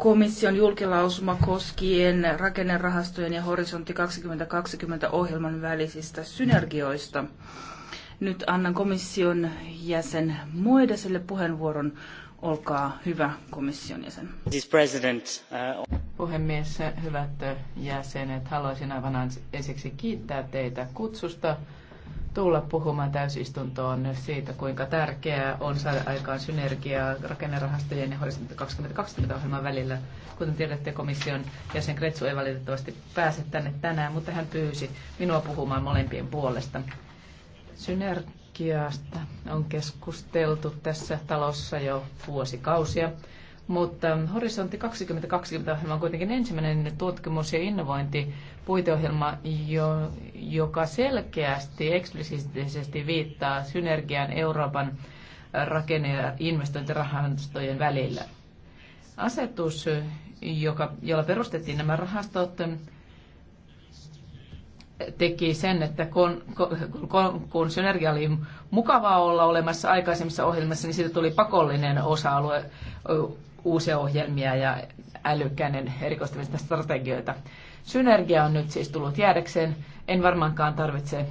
komission julkilausuma koskien rakennerahastojen ja horisontti 2020 ohjelman välisistä synergioista. Nyt annan komission jäsen Moidaselle puheenvuoron. Olkaa hyvä komission jäsen. Uh, Puhemies, hyvät jäsenet, haluaisin aivan ensiksi kiittää teitä kutsusta tulla puhumaan täysistuntoon siitä, kuinka tärkeää on saada aikaan synergiaa rakennerahastojen ja horisontti 2020 ohjelman välillä. Kuten tiedätte, komission jäsen Kretsu ei valitettavasti pääse tänne tänään, mutta hän pyysi minua puhumaan molempien puolesta. Synergiasta on keskusteltu tässä talossa jo vuosikausia mutta Horisontti 2020 ohjelma on kuitenkin ensimmäinen tutkimus- ja innovointipuiteohjelma, jo, joka selkeästi eksplisiittisesti viittaa synergian Euroopan rakenne- ja investointirahastojen välillä. Asetus, joka, jolla perustettiin nämä rahastot, teki sen, että kun, kun, kun synergia oli mukavaa olla olemassa aikaisemmissa ohjelmissa, niin siitä tuli pakollinen osa-alue uusia ohjelmia ja älykkäinen erikoistamista strategioita. Synergia on nyt siis tullut jäädäkseen. En varmaankaan tarvitse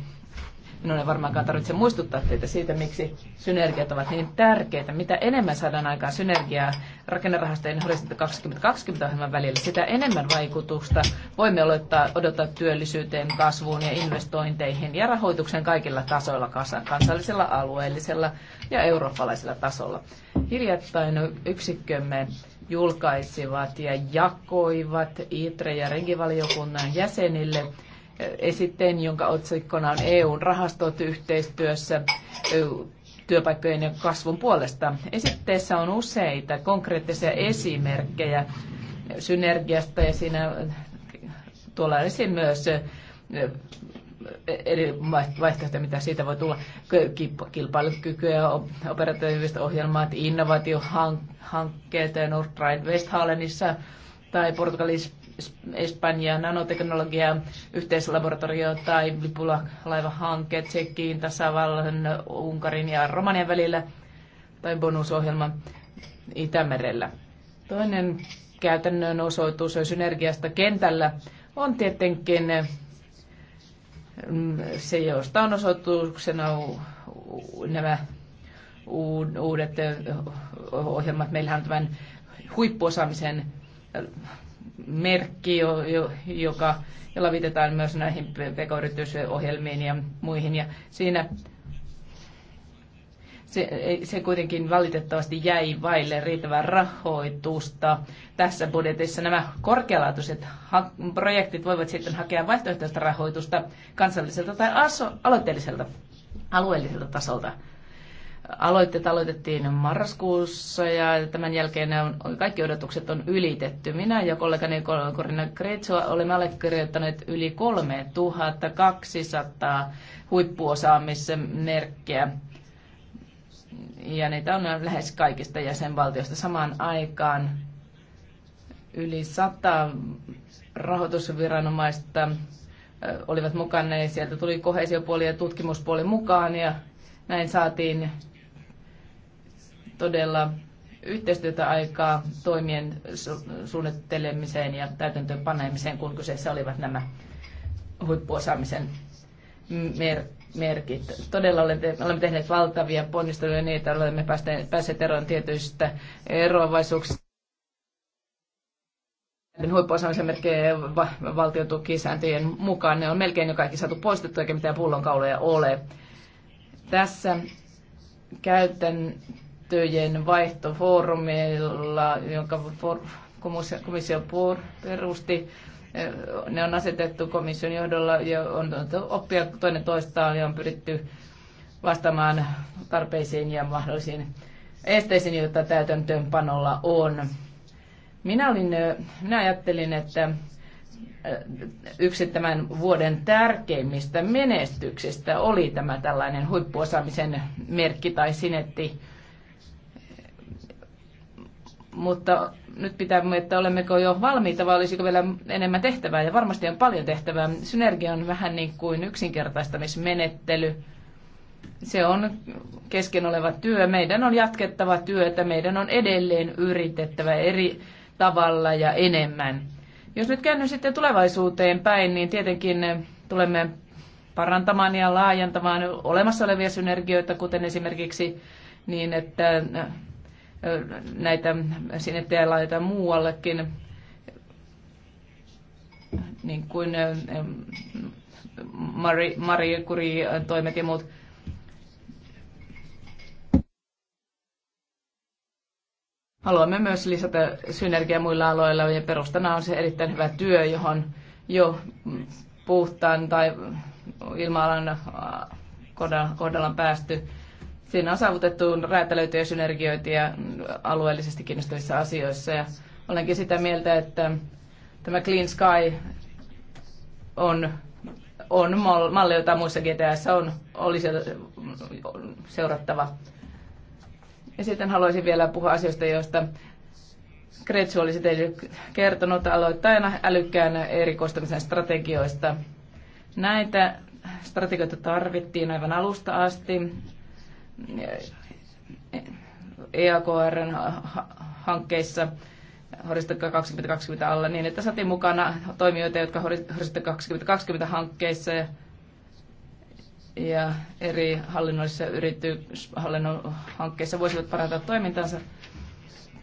Minun ei varmaankaan tarvitse muistuttaa teitä siitä, miksi synergiat ovat niin tärkeitä. Mitä enemmän saadaan aikaan synergiaa rakennerahastojen horisontti 2020 ohjelman välillä, sitä enemmän vaikutusta voimme odottaa, odottaa työllisyyteen, kasvuun ja investointeihin ja rahoituksen kaikilla tasoilla, kansallisella, alueellisella ja eurooppalaisella tasolla. Hiljattain yksikkömme julkaisivat ja jakoivat ITRE- ja regivaliokunnan jäsenille esitteen, jonka otsikkona on EUn rahastot yhteistyössä työpaikkojen ja kasvun puolesta. Esitteessä on useita konkreettisia esimerkkejä synergiasta ja siinä tuolla esiin myös eri vaihtoehtoja, mitä siitä voi tulla. Kilpailukykyä, operatiiviset ohjelmat, innovaatiohankkeet Nordrhein Westhalenissa tai Portugalissa Espanja nanoteknologia yhteislaboratorio tai laivahanke Tsekkiin, tasavallan, Unkarin ja Romanian välillä tai bonusohjelma Itämerellä. Toinen käytännön osoitus synergiasta kentällä on tietenkin mm, se, josta on osoituksena nämä uudet ohjelmat. Meillähän on tämän huippuosaamisen merkki, joka, lavitetaan myös näihin pk-yritysohjelmiin ja muihin. Ja siinä se, se kuitenkin valitettavasti jäi vaille riittävää rahoitusta tässä budjetissa. Nämä korkealaatuiset projektit voivat sitten hakea vaihtoehtoista rahoitusta kansalliselta tai aso- aloitteelliselta alueelliselta tasolta aloitteet aloitettiin marraskuussa ja tämän jälkeen on, kaikki odotukset on ylitetty. Minä ja kollegani Corina Kretso olemme allekirjoittaneet yli 3200 merkkiä. Ja niitä on lähes kaikista jäsenvaltioista samaan aikaan. Yli 100 rahoitusviranomaista olivat mukana ja sieltä tuli kohesiopuoli ja tutkimuspuoli mukaan ja näin saatiin todella yhteistyötä aikaa toimien suunnittelemiseen ja täytäntöönpanemiseen, kun kyseessä olivat nämä huippuosaamisen mer- merkit. Todella olemme tehneet valtavia ponnisteluja niitä, olemme päässeet eroon tietyistä eroavaisuuksista huippuosaamisen merkkejä va- valtiotukisääntöjen mukaan. Ne on melkein jo kaikki saatu poistettu, eikä mitään pullonkauloja ole. Tässä käytän tietojen vaihtofoorumilla, jonka komissio perusti. Eh, ne on asetettu komission johdolla ja on oppia toinen toistaan ja on pyritty vastaamaan tarpeisiin ja mahdollisiin esteisiin, joita täytäntöönpanolla on. Minä, olin, eh, minä ajattelin, että eh, yksi tämän vuoden tärkeimmistä menestyksistä oli tämä tällainen huippuosaamisen merkki tai sinetti mutta nyt pitää miettiä, olemmeko jo valmiita vai olisiko vielä enemmän tehtävää. Ja varmasti on paljon tehtävää. Synergia on vähän niin kuin yksinkertaistamismenettely. Se on kesken oleva työ. Meidän on jatkettava työtä. Meidän on edelleen yritettävä eri tavalla ja enemmän. Jos nyt käännyn sitten tulevaisuuteen päin, niin tietenkin tulemme parantamaan ja laajentamaan olemassa olevia synergioita, kuten esimerkiksi niin, että näitä sinettejä laitetaan muuallekin, niin kuin Marie Curie-toimet ja muut. Haluamme myös lisätä synergiaa muilla aloilla ja perustana on se erittäin hyvä työ, johon jo puhtaan tai ilma-alan kohdalla on päästy. Siinä on saavutettu räätälöityjä synergiointia alueellisesti kiinnostavissa asioissa. Ja olenkin sitä mieltä, että tämä Clean Sky on, on malli, jota muissa GTS on, olisi seurattava. Ja sitten haluaisin vielä puhua asioista, joista Kretsu olisi teille kertonut aloittajana älykkään erikoistamisen strategioista. Näitä strategioita tarvittiin aivan alusta asti EAKRn hankkeissa Horisontti 2020 alla niin, että saatiin mukana toimijoita, jotka Horisontti 2020 hankkeissa ja, ja eri hallinnollisissa yrityshallinnon hankkeissa voisivat parantaa toimintansa.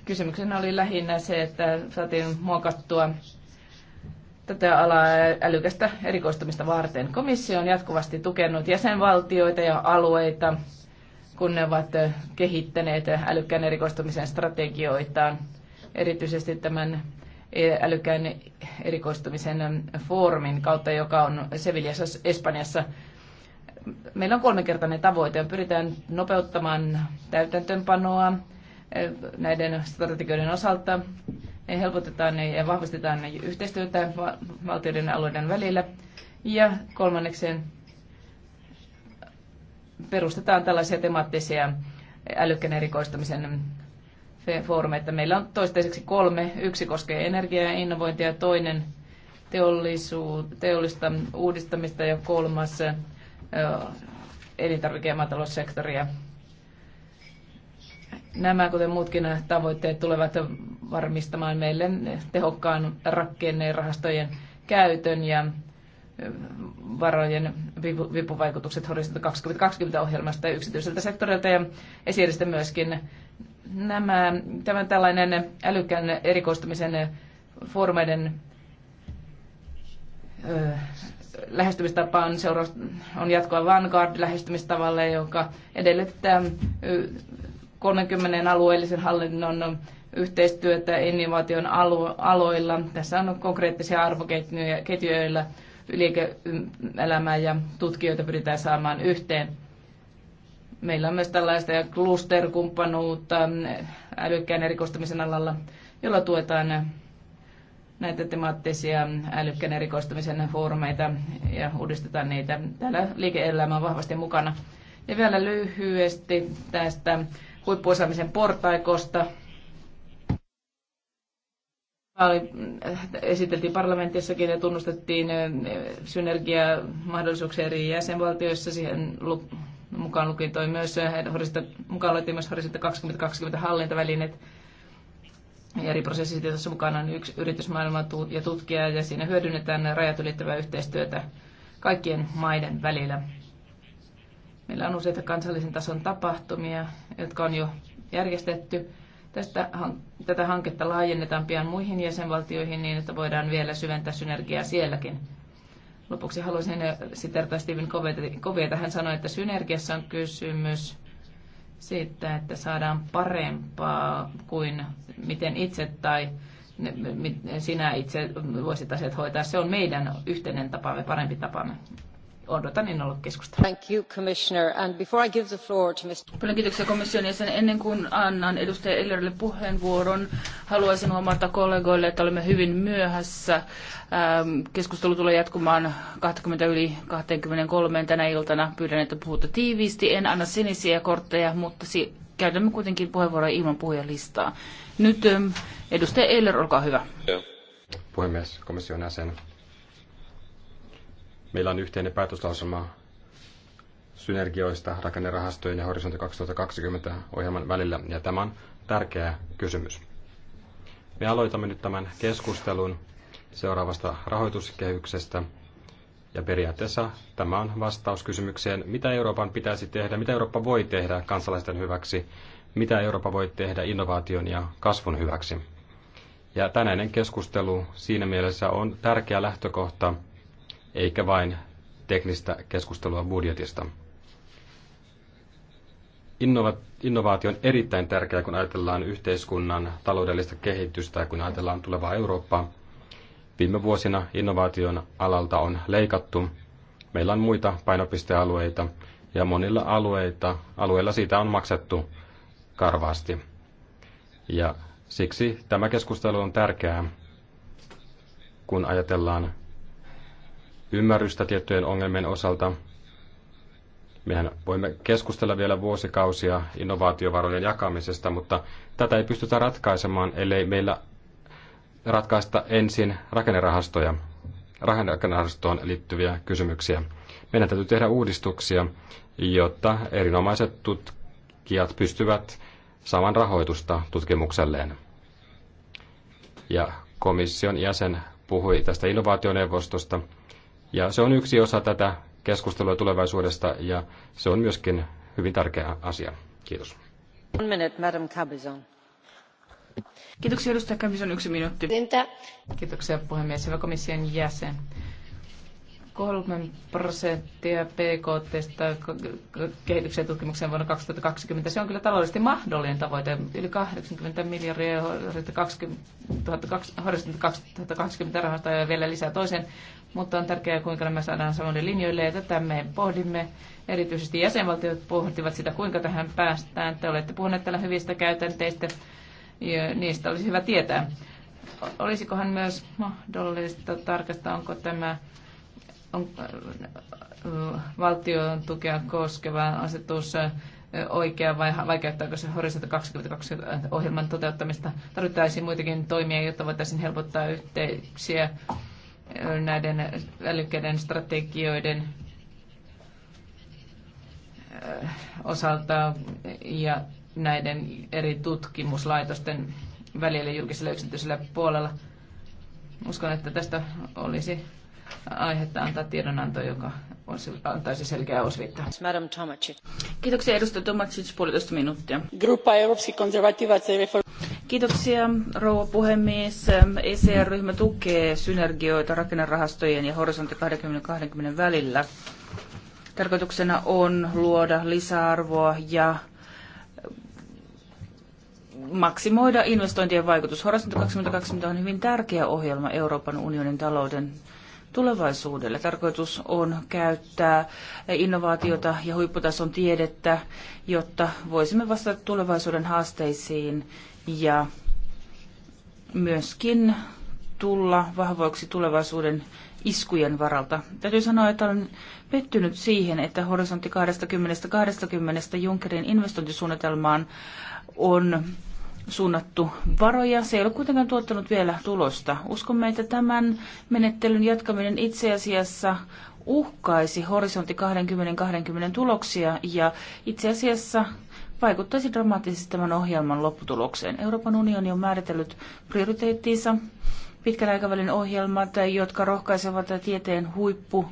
Kysymyksenä oli lähinnä se, että saatiin muokattua tätä alaa älykästä erikoistumista varten. Komissio on jatkuvasti tukenut jäsenvaltioita ja alueita kun ne ovat eh, kehittäneet älykkään erikoistumisen strategioitaan. Erityisesti tämän eh, älykkään erikoistumisen eh, foorumin kautta, joka on Sevillassa Espanjassa. Meillä on kolminkertainen tavoite. Pyritään nopeuttamaan täytäntöönpanoa näiden strategioiden osalta. Ne helpotetaan ja vahvistetaan yhteistyötä valtioiden alueiden välillä. Ja kolmanneksi perustetaan tällaisia temaattisia älykkän erikoistamisen foorumeita. Meillä on toistaiseksi kolme. Yksi koskee energiaa ja innovointia, toinen teollista uudistamista ja kolmas elintarvike- ja maataloussektoria. Nämä, kuten muutkin tavoitteet, tulevat varmistamaan meille tehokkaan rakenneen rahastojen käytön ja varojen vipuvaikutukset Horisontti 2020 ohjelmasta ja yksityiseltä sektorilta ja esiristä myöskin nämä, tämän tällainen älykkään erikoistumisen foorumeiden lähestymistapa on, seuraus, on jatkoa vanguard-lähestymistavalle, joka edellyttää 30 alueellisen hallinnon yhteistyötä innovaation aloilla. Tässä on konkreettisia arvoketjuja, liike-elämää ja tutkijoita pyritään saamaan yhteen. Meillä on myös tällaista klusterkumppanuutta älykkään erikoistumisen alalla, jolla tuetaan näitä temaattisia älykkään erikoistumisen foorumeita ja uudistetaan niitä. Täällä liike-elämä vahvasti mukana. Ja vielä lyhyesti tästä huippuosaamisen portaikosta oli, esiteltiin parlamentissakin ja tunnustettiin synergiamahdollisuuksia eri jäsenvaltioissa. Siihen mukaan lukin toi myös, mukaan luettiin myös Horisontti 2020 hallintavälineet. Eri prosessissa jossa mukana on yksi yritysmaailma ja tutkija, ja siinä hyödynnetään rajat ylittävää yhteistyötä kaikkien maiden välillä. Meillä on useita kansallisen tason tapahtumia, jotka on jo järjestetty Tästä, tätä hanketta laajennetaan pian muihin jäsenvaltioihin niin, että voidaan vielä syventää synergiaa sielläkin. Lopuksi haluaisin äh, sitertaa Steven Kovieta. Hän sanoi, että synergiassa on kysymys siitä, että saadaan parempaa kuin miten itse tai sinä itse voisit asiat hoitaa. Se on meidän yhteinen tapamme, parempi tapamme odotan innolla keskustelua. Thank you, Commissioner. And before I give the floor to Mr. Paljon kiitoksia komission jäsen. Ennen kuin annan edustaja Ellerille puheenvuoron, haluaisin huomauttaa kollegoille, että olemme hyvin myöhässä. Ähm, keskustelu tulee jatkumaan 20 yli 23 tänä iltana. Pyydän, että puhutte tiiviisti. En anna sinisiä kortteja, mutta si- käytämme kuitenkin puheenvuoroja ilman puhujalistaa. Nyt ähm, edustaja Eller, olkaa hyvä. Puhemies, komission jäsen Meillä on yhteinen päätöslauselma synergioista rakennerahastojen ja Horisontti 2020 ohjelman välillä, ja tämä on tärkeä kysymys. Me aloitamme nyt tämän keskustelun seuraavasta rahoituskehyksestä. Ja periaatteessa tämä on vastaus kysymykseen, mitä Euroopan pitäisi tehdä, mitä Eurooppa voi tehdä kansalaisten hyväksi, mitä Eurooppa voi tehdä innovaation ja kasvun hyväksi. Ja tänäinen keskustelu siinä mielessä on tärkeä lähtökohta eikä vain teknistä keskustelua budjetista. Innova- innovaatio on erittäin tärkeää, kun ajatellaan yhteiskunnan taloudellista kehitystä ja kun ajatellaan tulevaa Eurooppaa. Viime vuosina innovaation alalta on leikattu. Meillä on muita painopistealueita ja monilla alueita, alueilla siitä on maksettu karvaasti. Ja siksi tämä keskustelu on tärkeää, kun ajatellaan ymmärrystä tiettyjen ongelmien osalta. Mehän voimme keskustella vielä vuosikausia innovaatiovarojen jakamisesta, mutta tätä ei pystytä ratkaisemaan, ellei meillä ratkaista ensin rakennerahastoja, rakennerahastoon liittyviä kysymyksiä. Meidän täytyy tehdä uudistuksia, jotta erinomaiset tutkijat pystyvät saamaan rahoitusta tutkimukselleen. Ja komission jäsen puhui tästä innovaationeuvostosta. Ja se on yksi osa tätä keskustelua tulevaisuudesta ja se on myöskin hyvin tärkeä asia. Kiitos. Kiitoksia edustaja Cabezon, yksi minuutti. Kiitoksia puhemies, hyvä komission jäsen. 3 prosenttia PKT kehityksen ja tutkimuksen vuonna 2020. Se on kyllä taloudellisesti mahdollinen tavoite. Yli 80 miljardia horisontti 2020 rahasta ja vielä lisää toisen mutta on tärkeää, kuinka nämä saadaan samoille linjoille, ja tätä me pohdimme. Erityisesti jäsenvaltiot pohtivat sitä, kuinka tähän päästään. Te olette puhuneet täällä hyvistä käytänteistä, ja niistä olisi hyvä tietää. Olisikohan myös mahdollista tarkastaa, onko tämä on, äh, valtion tukea koskeva asetus äh, oikea vai vaikeuttaako se Horisontti 2020 ohjelman toteuttamista? Tarvittaisiin muitakin toimia, jotta voitaisiin helpottaa yhteyksiä näiden älykkäiden strategioiden osalta ja näiden eri tutkimuslaitosten välillä julkisella yksityisellä puolella. Uskon, että tästä olisi aihetta antaa tiedonanto, joka antaisi selkeää osviittaa. Madam Tomacic. Kiitoksia edustaja Tomacic, puolitoista minuuttia. Gruppa Europski konservatiivat Kiitoksia, rouva puhemies. ECR-ryhmä tukee synergioita rakennerahastojen ja horisontti 2020 välillä. Tarkoituksena on luoda lisäarvoa ja maksimoida investointien vaikutus. Horisontti 2020 on hyvin tärkeä ohjelma Euroopan unionin talouden tulevaisuudelle. Tarkoitus on käyttää innovaatiota ja huipputason tiedettä, jotta voisimme vastata tulevaisuuden haasteisiin ja myöskin tulla vahvoiksi tulevaisuuden iskujen varalta. Täytyy sanoa, että olen pettynyt siihen, että horisontti 2020 Junckerin investointisuunnitelmaan on suunnattu varoja. Se ei ole kuitenkaan tuottanut vielä tulosta. Uskomme, että tämän menettelyn jatkaminen itse asiassa uhkaisi horisontti 2020 tuloksia ja itse asiassa vaikuttaisi dramaattisesti tämän ohjelman lopputulokseen. Euroopan unioni on määritellyt prioriteettinsa pitkän aikavälin ohjelmat, jotka rohkaisevat tieteen huippu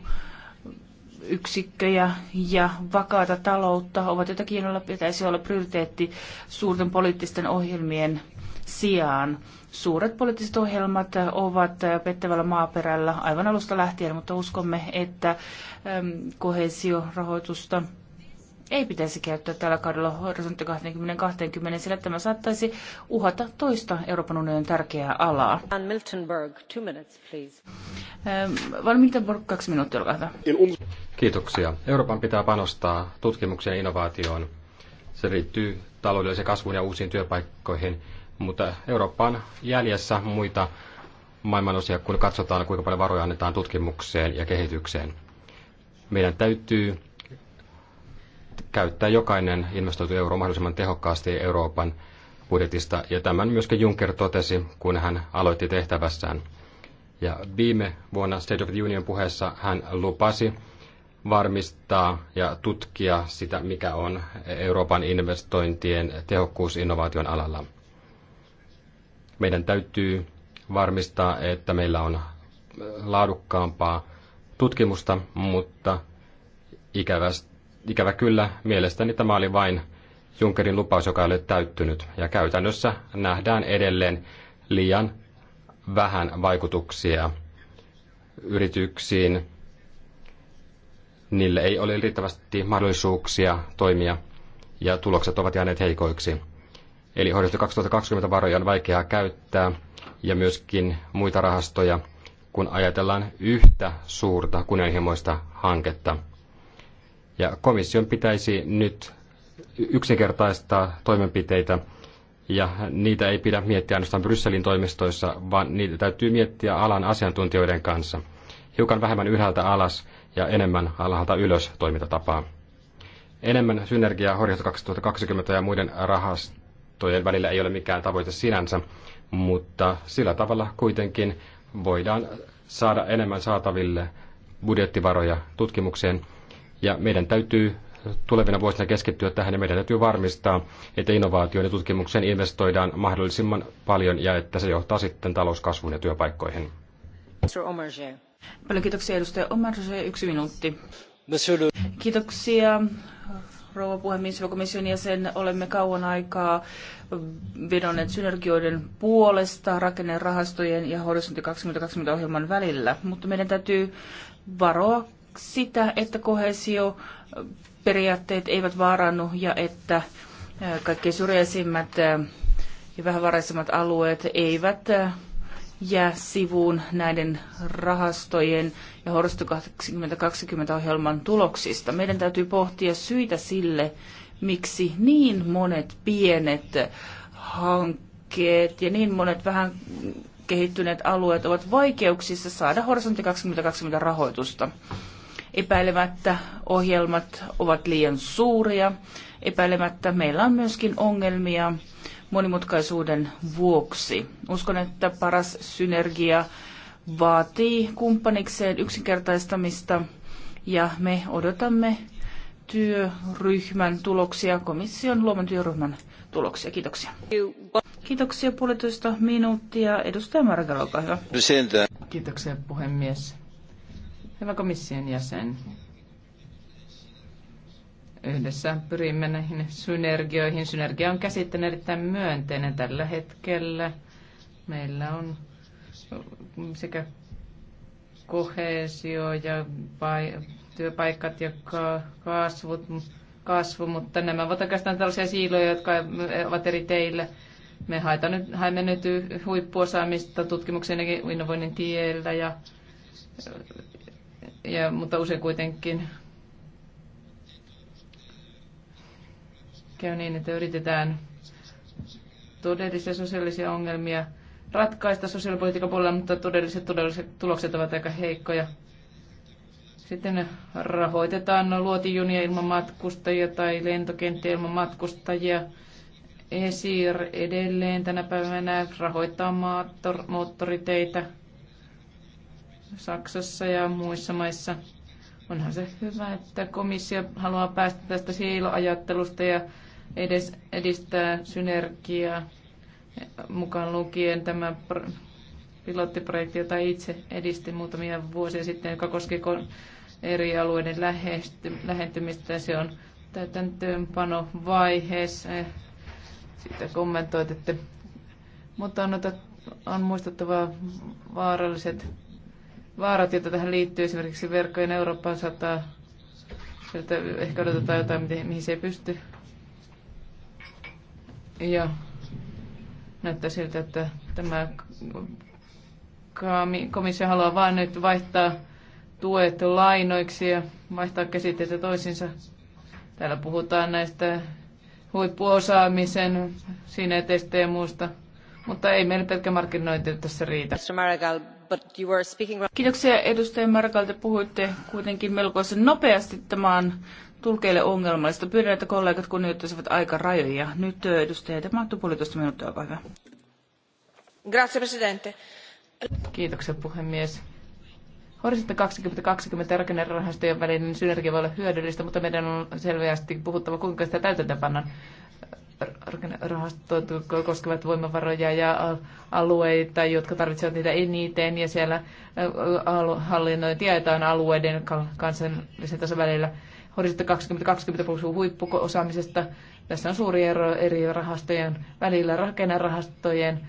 yksikköjä ja vakaata taloutta ovat jotakin, joilla pitäisi olla prioriteetti suurten poliittisten ohjelmien sijaan. Suuret poliittiset ohjelmat ovat pettävällä maaperällä aivan alusta lähtien, mutta uskomme, että kohesiorahoitusta rahoitusta ei pitäisi käyttää tällä kaudella horisontti 2020, sillä tämä saattaisi uhata toista Euroopan unionin tärkeää alaa. Van Miltenburg, minutes, ähm, Van Miltenburg, kaksi minuuttia, olkaa hyvä. Kiitoksia. Euroopan pitää panostaa tutkimukseen ja innovaatioon. Se liittyy taloudelliseen kasvuun ja uusiin työpaikkoihin, mutta Euroopan jäljessä muita maailmanosia, kun katsotaan, kuinka paljon varoja annetaan tutkimukseen ja kehitykseen. Meidän täytyy käyttää jokainen investoitu euro mahdollisimman tehokkaasti Euroopan budjetista, ja tämän myöskin Juncker totesi, kun hän aloitti tehtävässään. Ja viime vuonna State of the Union puheessa hän lupasi varmistaa ja tutkia sitä, mikä on Euroopan investointien tehokkuus innovaation alalla. Meidän täytyy varmistaa, että meillä on laadukkaampaa tutkimusta, mutta ikävästi ikävä kyllä, mielestäni tämä oli vain Junckerin lupaus, joka ei ole täyttynyt. Ja käytännössä nähdään edelleen liian vähän vaikutuksia yrityksiin. Niille ei ole riittävästi mahdollisuuksia toimia ja tulokset ovat jääneet heikoiksi. Eli hoidosta 2020 varoja on vaikeaa käyttää ja myöskin muita rahastoja, kun ajatellaan yhtä suurta kunnianhimoista hanketta. Ja komission pitäisi nyt yksinkertaistaa toimenpiteitä, ja niitä ei pidä miettiä ainoastaan Brysselin toimistoissa, vaan niitä täytyy miettiä alan asiantuntijoiden kanssa. Hiukan vähemmän ylhäältä alas ja enemmän alhaalta ylös toimintatapaa. Enemmän synergiaa Horisontti 2020 ja muiden rahastojen välillä ei ole mikään tavoite sinänsä, mutta sillä tavalla kuitenkin voidaan saada enemmän saataville budjettivaroja tutkimukseen – ja meidän täytyy tulevina vuosina keskittyä tähän ja meidän täytyy varmistaa, että innovaatioiden ja tutkimukseen investoidaan mahdollisimman paljon ja että se johtaa sitten talouskasvuun ja työpaikkoihin. Paljon kiitoksia edustaja Omarje. Yksi minuutti. Kiitoksia rouva puhemies, hyvä komission jäsen. Olemme kauan aikaa vedonneet synergioiden puolesta rakennerahastojen ja horisontti 2020 ohjelman välillä, mutta meidän täytyy varoa sitä, että kohesioperiaatteet eivät vaarannu ja että kaikki syrjäisimmät ja vähävaraisimmat alueet eivät jää sivuun näiden rahastojen ja Horsto 2020 ohjelman tuloksista. Meidän täytyy pohtia syitä sille, miksi niin monet pienet hankkeet ja niin monet vähän kehittyneet alueet ovat vaikeuksissa saada Horisontti 2020 rahoitusta. Epäilemättä ohjelmat ovat liian suuria. Epäilemättä meillä on myöskin ongelmia monimutkaisuuden vuoksi. Uskon, että paras synergia vaatii kumppanikseen yksinkertaistamista ja me odotamme työryhmän tuloksia, komission luoman työryhmän tuloksia. Kiitoksia. Kiitoksia puolitoista minuuttia. Edustaja Margal, olkaa hyvä. Kiitoksia puhemies. Hyvä komission jäsen. Yhdessä pyrimme näihin synergioihin. Synergia on käsitteen erittäin myönteinen tällä hetkellä. Meillä on sekä kohesio ja työpaikat ja kasvut, kasvu, mutta nämä ovat oikeastaan tällaisia siiloja, jotka ovat eri teillä. Me nyt, haemme nyt huippuosaamista tutkimuksen ja innovoinnin tiellä ja ja, mutta usein kuitenkin käy niin, että yritetään todellisia sosiaalisia ongelmia ratkaista sosiaalipolitiikan puolella, mutta todelliset, todelliset tulokset ovat aika heikkoja. Sitten rahoitetaan no, luotijunia ilman matkustajia tai lentokenttiä ilman matkustajia. ESIR edelleen tänä päivänä rahoittaa moottoriteitä. Saksassa ja muissa maissa. Onhan se hyvä, että komissio haluaa päästä tästä siiloajattelusta ja edes edistää synergiaa mukaan lukien tämä pilottiprojekti, jota itse edistin muutamia vuosia sitten, joka koski eri alueiden lähentymistä. Se on täytäntöönpanovaiheessa. Sitten kommentoit, että mutta on, on muistettava vaaralliset vaarat, joita tähän liittyy, esimerkiksi verkkojen Eurooppaan sataa, sieltä ehkä odotetaan jotain, mihin se ei pysty. Ja näyttää siltä, että tämä komissio haluaa vain nyt vaihtaa tuet lainoiksi ja vaihtaa käsitteitä toisinsa. Täällä puhutaan näistä huippuosaamisen sineteistä ja muusta, mutta ei meillä pelkkä markkinointi tässä riitä but you were speaking... Kiitoksia edustaja Markalta. Puhuitte kuitenkin melkoisen nopeasti. Tämä on tulkeille ongelmallista. Pyydän, että kollegat kunnioittaisivat aikarajoja. Nyt edustaja Demattu, puolitoista minuuttia, olkaa hyvä. Grazie, presidente. Kiitoksia, puhemies. Horisontti 2020 rakennerahastojen välinen synergia voi olla hyödyllistä, mutta meidän on selvästi puhuttava, kuinka sitä täytäntöönpannaan rakennerahastoitu koskevat voimavaroja ja alueita, jotka tarvitsevat niitä eniten, ja siellä hallinnointi jaetaan alueiden kansallisen tason välillä. Horisontti 2020 puhuu huippuosaamisesta. Tässä on suuri ero eri rahastojen välillä. Rakennerahastojen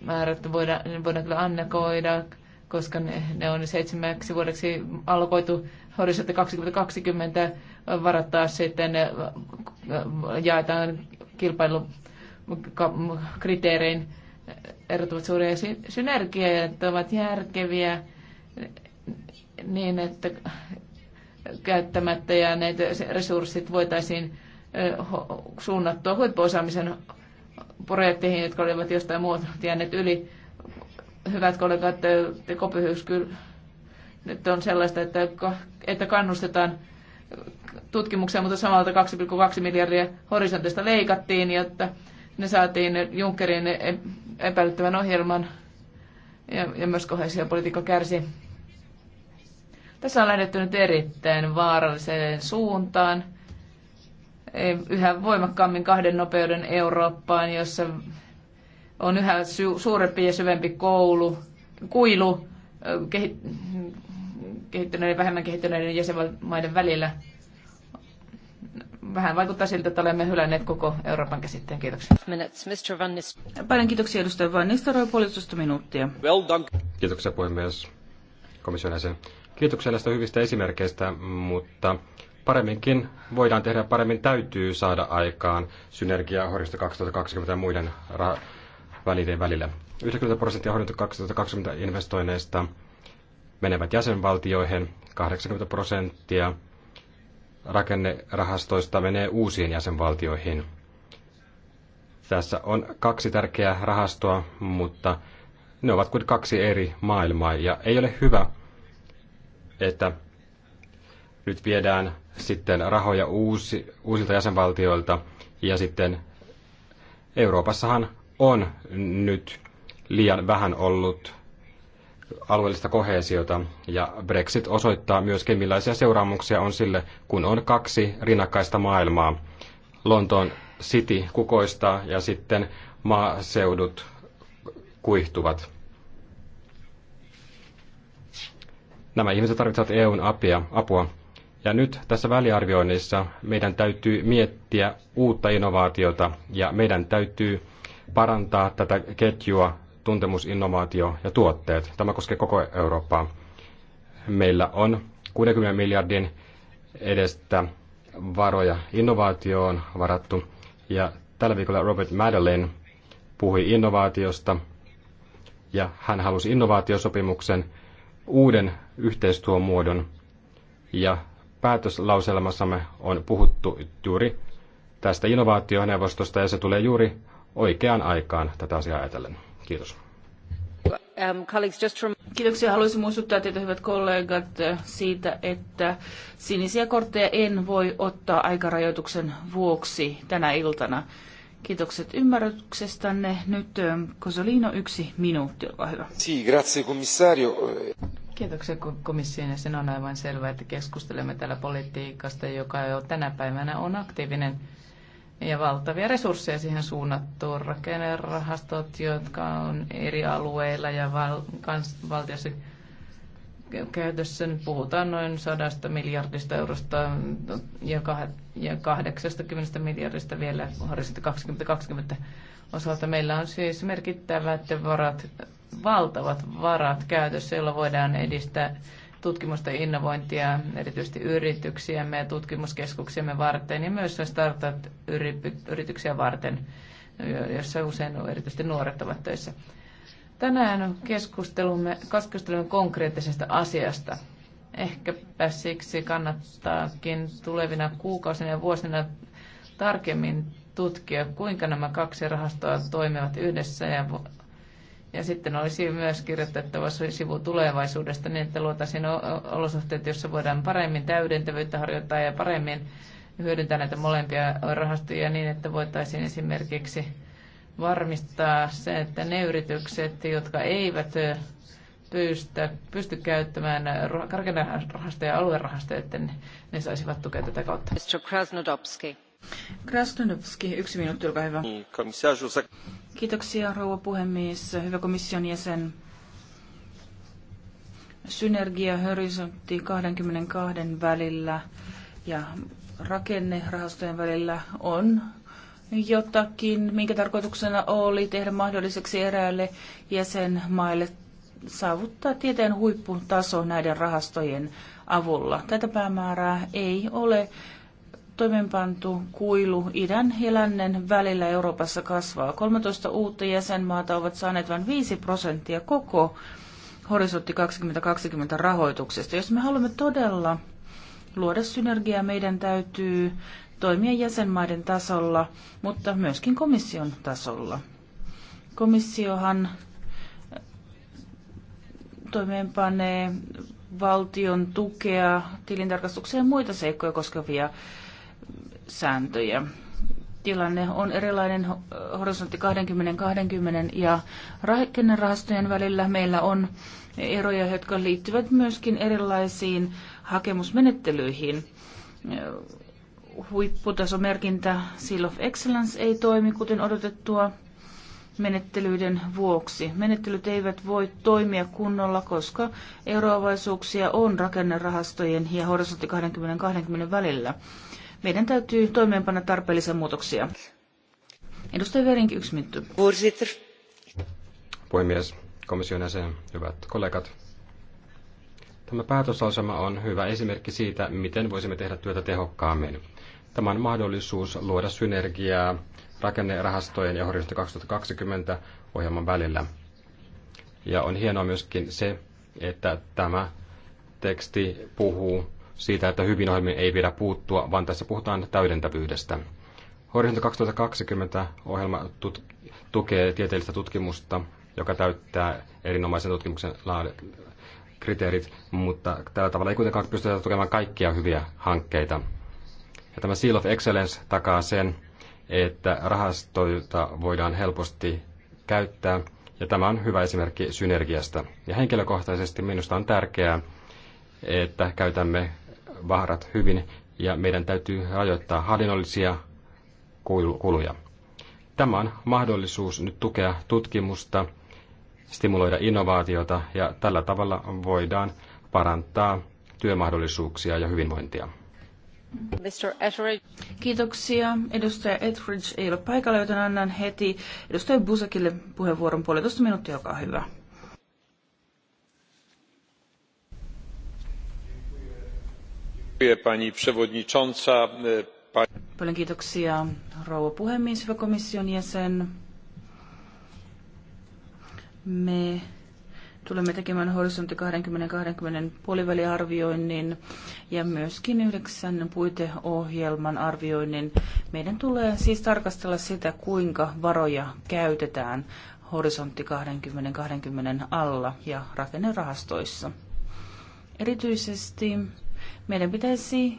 määrät voidaan, voidaan kyllä annekoida, koska ne, ne on seitsemäksi vuodeksi alkoitu horisontti 2020 varat sitten jaetaan kilpailukriteerein erotuvat suuria synergioita, ovat järkeviä niin, että käyttämättä ja näitä resurssit voitaisiin suunnattua huippuosaamisen projekteihin, jotka olivat jostain muuta jääneet yli. Hyvät kollegat, tekopyhyys kyllä nyt on sellaista, että, että kannustetaan tutkimukseen, mutta samalta 2,2 miljardia horisontista leikattiin, jotta ne saatiin Junckerin e- epäilyttävän ohjelman ja, ja myös kohesiopolitiikka kärsi. Tässä on lähdetty nyt erittäin vaaralliseen suuntaan, e- yhä voimakkaammin kahden nopeuden Eurooppaan, jossa on yhä suurempi ja syvempi koulu, kuilu kehi- kehittyneiden ja vähemmän kehittyneiden jäsenmaiden välillä – vähän vaikuttaa siltä, että olemme hylänneet koko Euroopan käsitteen. Kiitoksia. Paljon kiitoksia edustaja Van Nistelrooy, puolitoista minuuttia. Well done. Kiitoksia puhemies komission jäsen. Kiitoksia näistä hyvistä esimerkkeistä, mutta paremminkin voidaan tehdä, paremmin täytyy saada aikaan synergiaa Horisto 2020 ja muiden rah- välineiden välillä. 90 prosenttia Horisto 2020 investoinneista menevät jäsenvaltioihin, 80 prosenttia rakennerahastoista menee uusiin jäsenvaltioihin. Tässä on kaksi tärkeää rahastoa, mutta ne ovat kuin kaksi eri maailmaa ja ei ole hyvä, että nyt viedään sitten rahoja uusi, uusilta jäsenvaltioilta ja sitten Euroopassahan on nyt liian vähän ollut alueellista kohesiota, ja Brexit osoittaa myöskin millaisia seuraamuksia on sille, kun on kaksi rinnakkaista maailmaa. Lontoon City kukoistaa ja sitten maaseudut kuihtuvat. Nämä ihmiset tarvitsevat EUn apia, apua. Ja nyt tässä väliarvioinnissa meidän täytyy miettiä uutta innovaatiota ja meidän täytyy parantaa tätä ketjua tuntemus, innovaatio ja tuotteet. Tämä koskee koko Eurooppaa. Meillä on 60 miljardin edestä varoja innovaatioon varattu. Ja tällä viikolla Robert Madeleine puhui innovaatiosta ja hän halusi innovaatiosopimuksen uuden yhteistyömuodon. Ja päätöslauselmassamme on puhuttu juuri tästä innovaationeuvostosta ja se tulee juuri oikeaan aikaan tätä asiaa ajatellen. Kiitos. Um, Kiitoksia. Haluaisin muistuttaa teitä, hyvät kollegat, siitä, että sinisiä kortteja en voi ottaa aikarajoituksen vuoksi tänä iltana. Kiitokset ymmärryksestänne. Nyt Kosolino um, yksi minuutti, olkaa hyvä. grazie commissario. Kiitoksia komission jäsen. sen on aivan selvää, että keskustelemme täällä politiikasta, joka jo tänä päivänä on aktiivinen ja valtavia resursseja siihen suunnattu. Rakennerahastot, jotka on eri alueilla ja val, kans, valtiossa käytössä, niin puhutaan noin sadasta miljardista eurosta ja, kah, ja 80 miljardista vielä horisontti 2020 osalta. Meillä on siis merkittävät varat, valtavat varat käytössä, joilla voidaan edistää tutkimusta ja innovointia, erityisesti yrityksiämme ja tutkimuskeskuksiamme varten ja myös startup-yrityksiä varten, joissa usein erityisesti nuoret ovat töissä. Tänään keskustelumme, keskustelemme konkreettisesta asiasta. Ehkäpä siksi kannattaakin tulevina kuukausina ja vuosina tarkemmin tutkia, kuinka nämä kaksi rahastoa toimivat yhdessä ja ja sitten olisi myös kirjoitettava sivu tulevaisuudesta niin, että luotaisiin olosuhteet, joissa voidaan paremmin täydentävyyttä harjoittaa ja paremmin hyödyntää näitä molempia rahastoja niin, että voitaisiin esimerkiksi varmistaa se, että ne yritykset, jotka eivät pystä, pysty käyttämään rahastoja ja aluerahastoja, että ne, ne saisivat tukea tätä kautta. Mr. Krasnodowski, yksi minuutti, olkaa hyvä. Niin, Kiitoksia, rouva puhemies. Hyvä komission jäsen. Synergia horisontti 22 välillä ja rakennerahastojen välillä on jotakin, minkä tarkoituksena oli tehdä mahdolliseksi eräälle jäsenmaille saavuttaa tieteen huipputaso näiden rahastojen avulla. Tätä päämäärää ei ole toimeenpantu kuilu idän ja lännen välillä Euroopassa kasvaa. 13 uutta jäsenmaata ovat saaneet vain 5 prosenttia koko Horisontti 2020 rahoituksesta. Jos me haluamme todella luoda synergiaa, meidän täytyy toimia jäsenmaiden tasolla, mutta myöskin komission tasolla. Komissiohan toimeenpanee valtion tukea, tilintarkastuksia ja muita seikkoja koskevia sääntöjä. Tilanne on erilainen horisontti 20, 20 ja rakennerahastojen välillä. Meillä on eroja, jotka liittyvät myöskin erilaisiin hakemusmenettelyihin huipputasomerkintä Seal of Excellence ei toimi kuten odotettua menettelyiden vuoksi. Menettelyt eivät voi toimia kunnolla, koska eroavaisuuksia on rakennerahastojen ja horisontti 2020 välillä meidän täytyy toimeenpanna tarpeellisia muutoksia. Edustaja Verink, yksi minuutti. Puhemies, komission jäsen, hyvät kollegat. Tämä päätösasema on hyvä esimerkki siitä, miten voisimme tehdä työtä tehokkaammin. Tämä on mahdollisuus luoda synergiaa rakennerahastojen ja horisontti 2020 ohjelman välillä. Ja on hienoa myöskin se, että tämä teksti puhuu siitä, että hyvin ohjelmiin ei pidä puuttua, vaan tässä puhutaan täydentävyydestä. Horisontti 2020 ohjelma tut- tukee tieteellistä tutkimusta, joka täyttää erinomaisen tutkimuksen kriteerit, mutta tällä tavalla ei kuitenkaan pystytä tukemaan kaikkia hyviä hankkeita. Ja tämä Seal of Excellence takaa sen, että rahastoita voidaan helposti käyttää, ja tämä on hyvä esimerkki synergiasta. Ja henkilökohtaisesti minusta on tärkeää, että käytämme vaarat hyvin ja meidän täytyy rajoittaa hallinnollisia kuluja. Tämä on mahdollisuus nyt tukea tutkimusta, stimuloida innovaatiota ja tällä tavalla voidaan parantaa työmahdollisuuksia ja hyvinvointia. Mr. Etheridge. Kiitoksia. Edustaja Etheridge ei ole paikalla, joten annan heti edustaja Busakille puheenvuoron puolitoista minuuttia, on hyvä. pani przewodnicząca. Paljon kiitoksia rouva puhemies, hyvä komission jäsen. Me tulemme tekemään horisontti 20-20 puoliväliarvioinnin ja myöskin yhdeksän puiteohjelman arvioinnin. Meidän tulee siis tarkastella sitä, kuinka varoja käytetään horisontti 20 alla ja rakennerahastoissa. Erityisesti meidän pitäisi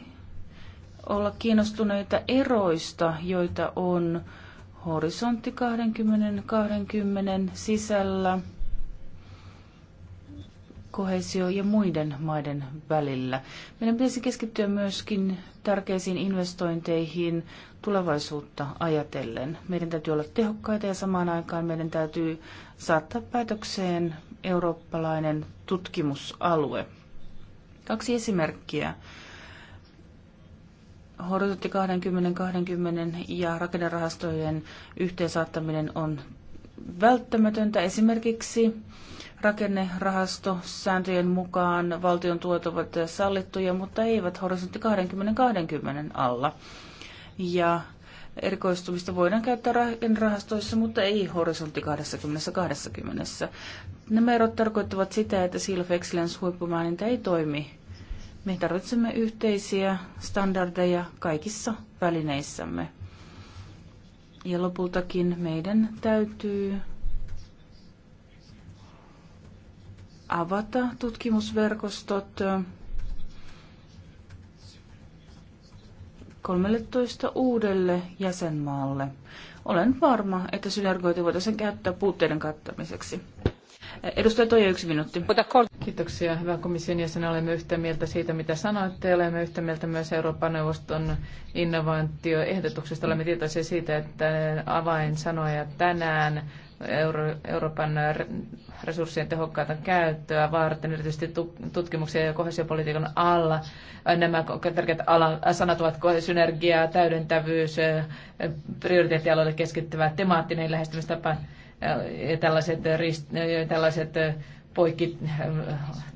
olla kiinnostuneita eroista, joita on horisontti 20-20 sisällä, kohesio- ja muiden maiden välillä. Meidän pitäisi keskittyä myöskin tärkeisiin investointeihin tulevaisuutta ajatellen. Meidän täytyy olla tehokkaita ja samaan aikaan meidän täytyy saattaa päätökseen eurooppalainen tutkimusalue. Kaksi esimerkkiä. Horisontti 2020 ja rakennerahastojen yhteensaattaminen on välttämätöntä. Esimerkiksi rakennerahastosääntöjen mukaan valtion tuet ovat sallittuja, mutta eivät horisontti 2020 alla. Ja erikoistumista voidaan käyttää rahastoissa, mutta ei horisontti 20-20. Nämä erot tarkoittavat sitä, että of Excellence huippumäärintä ei toimi. Me tarvitsemme yhteisiä standardeja kaikissa välineissämme. Ja lopultakin meidän täytyy avata tutkimusverkostot 13 uudelle jäsenmaalle. Olen varma, että synergoita voitaisiin käyttää puutteiden kattamiseksi. Edustaja Toija, yksi minuutti. Kiitoksia, hyvä komission jäsen. Olemme yhtä mieltä siitä, mitä sanoitte. Olemme yhtä mieltä myös Euroopan neuvoston innovaatioehdotuksesta. Olemme tietoisia siitä, että avainsanoja tänään Euro, Euroopan resurssien tehokkaita käyttöä varten, erityisesti tutkimuksia ja kohesiopolitiikan alla. Nämä tärkeät ala, sanat ovat synergia, täydentävyys, prioriteettialoille keskittyvä temaattinen lähestymistapa ja tällaiset, tällaiset poikki,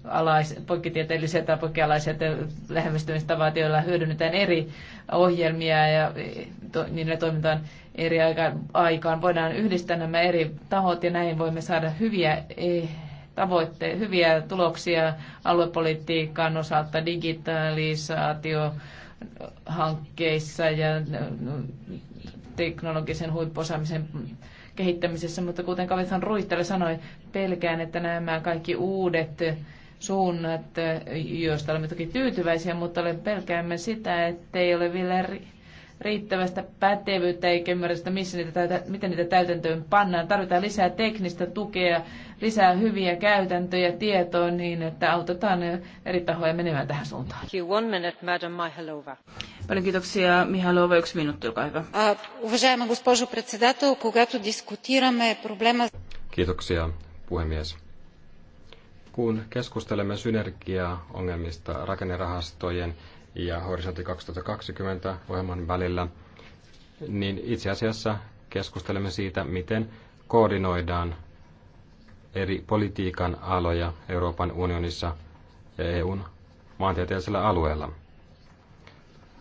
alais, poikkitieteelliset tai poikkialaiset lähestymistavat, joilla hyödynnetään eri ohjelmia ja to, niiden toimintaan eri aikaan. Voidaan yhdistää nämä eri tahot ja näin voimme saada hyviä eh, tavoitte, hyviä tuloksia aluepolitiikan osalta, digitalisaatio hankkeissa ja no, no, teknologisen huippuosaamisen kehittämisessä, mutta kuten Kavithan Ruittele sanoi, pelkään, että nämä kaikki uudet suunnat, joista olemme toki tyytyväisiä, mutta pelkäämme sitä, että ei ole vielä riittävästä pätevyyttä eikä ymmärrä sitä, missä niitä, miten niitä täytäntöön pannaan. Tarvitaan lisää teknistä tukea, lisää hyviä käytäntöjä tietoa niin, että autetaan eri tahoja menemään tähän suuntaan. One minute, Madam Paljon kiitoksia. Mihalova, yksi minuutti, olkaa hyvä. Uh, kiitoksia, puhemies. Kun keskustelemme synergiaongelmista rakennerahastojen ja Horisontti 2020 ohjelman välillä, niin itse asiassa keskustelemme siitä, miten koordinoidaan eri politiikan aloja Euroopan unionissa ja EUn maantieteellisellä alueella.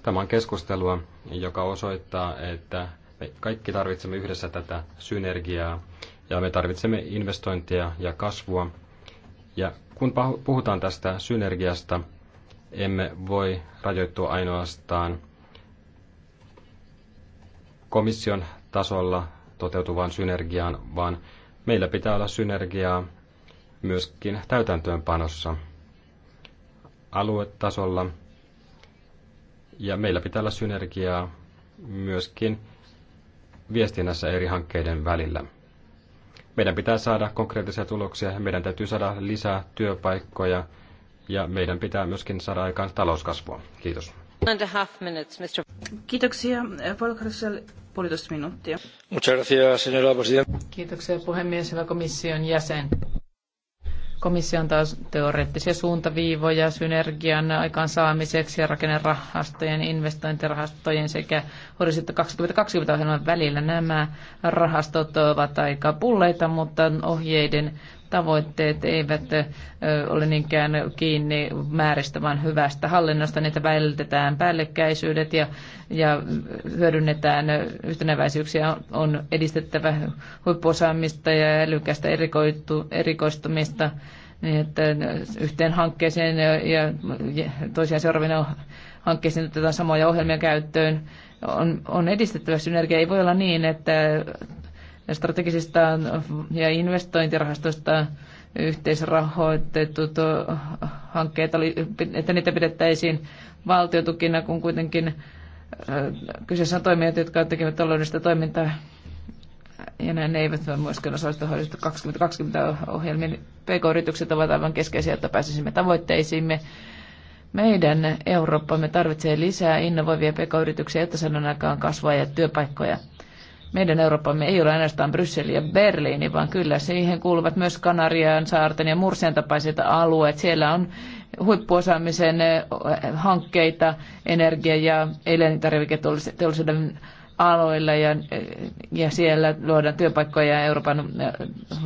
Tämä on keskustelua, joka osoittaa, että me kaikki tarvitsemme yhdessä tätä synergiaa ja me tarvitsemme investointeja ja kasvua. Ja kun puhutaan tästä synergiasta, emme voi rajoittua ainoastaan komission tasolla toteutuvaan synergiaan, vaan meillä pitää olla synergiaa myöskin täytäntöönpanossa aluetasolla. Ja meillä pitää olla synergiaa myöskin viestinnässä eri hankkeiden välillä. Meidän pitää saada konkreettisia tuloksia, meidän täytyy saada lisää työpaikkoja – ja meidän pitää myöskin saada aikaan talouskasvua. Kiitos. And a half minutes, Mr. Kiitoksia. Polkarsel, puolitoista minuuttia. Muchas gracias, Kiitoksia puhemies, hyvä komission jäsen. Komission taas teoreettisia suuntaviivoja synergian aikaansaamiseksi ja rakennerahastojen, investointirahastojen sekä horisontti 2020 ohjelman välillä. Nämä rahastot ovat aika pulleita, mutta ohjeiden tavoitteet eivät ole niinkään kiinni määristä, vaan hyvästä hallinnosta. Niitä vältetään päällekkäisyydet ja, ja hyödynnetään yhtenäväisyyksiä. On edistettävä huippuosaamista ja älykästä erikoistumista niin että yhteen hankkeeseen ja, ja toisiaan seuraavina hankkeisiin otetaan samoja ohjelmia käyttöön. On, on edistettävä synergia. Ei voi olla niin, että strategisista ja investointirahastoista yhteisrahoitetut hankkeet, oli, että niitä pidettäisiin valtiotukina, kun kuitenkin äh, kyseessä on toimijat, jotka tekevät taloudellista toimintaa ja ne eivät myöskään osallistu 2020 ohjelmiin. PK-yritykset ovat aivan keskeisiä, että pääsisimme tavoitteisiimme. Meidän Eurooppamme tarvitsee lisää innovoivia PK-yrityksiä, jotta sanon aikaan kasvua ja työpaikkoja. Meidän Euroopamme ei ole ainoastaan Brysseli ja Berliini, vaan kyllä siihen kuuluvat myös Kanarian saarten ja Mursien tapaiset alueet. Siellä on huippuosaamisen eh, hankkeita energia- ja elintarviketeollisuuden aloilla ja, eh, ja siellä luodaan työpaikkoja Euroopan eh,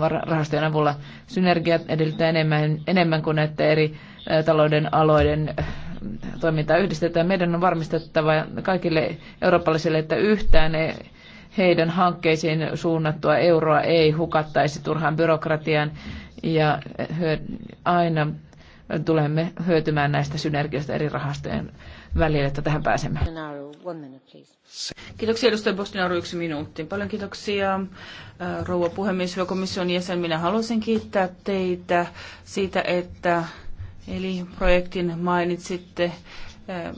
rahastojen avulla. Synergiat edellyttää enemmän, enemmän kuin että eri talouden aloiden toimintaa yhdistetään. Meidän on varmistettava kaikille eurooppalaisille, että yhtään heidän hankkeisiin suunnattua euroa ei hukattaisi turhaan byrokratian ja aina tulemme hyötymään näistä synergioista eri rahastojen välillä, että tähän pääsemme. Kiitoksia edustaja Bostinaru, yksi minuutti. Paljon kiitoksia äh, rouva puhemies, hyvä komission jäsen. Minä haluaisin kiittää teitä siitä, että eli projektin mainitsitte äh,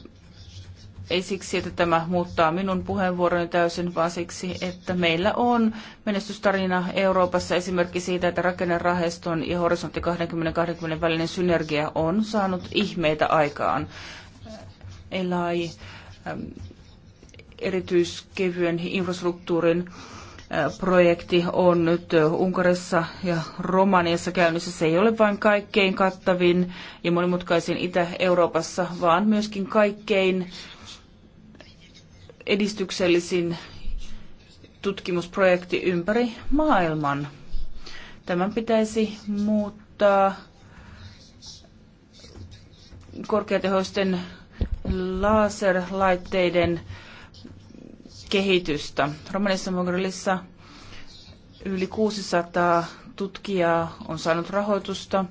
ei siksi, että tämä muuttaa minun puheenvuoroni täysin, vaan siksi, että meillä on menestystarina Euroopassa esimerkki siitä, että rakennerahaston ja horisontti 2020 välinen synergia on saanut ihmeitä aikaan. Eli ähm, erityiskevyen infrastruktuurin äh, projekti on nyt äh, Unkarissa ja Romaniassa käynnissä. Se ei ole vain kaikkein kattavin ja monimutkaisin Itä-Euroopassa, vaan myöskin kaikkein edistyksellisin tutkimusprojekti ympäri maailman. Tämän pitäisi muuttaa korkeatehoisten laserlaitteiden kehitystä. Romanissa Mogrelissa yli 600 tutkijaa on saanut rahoitusta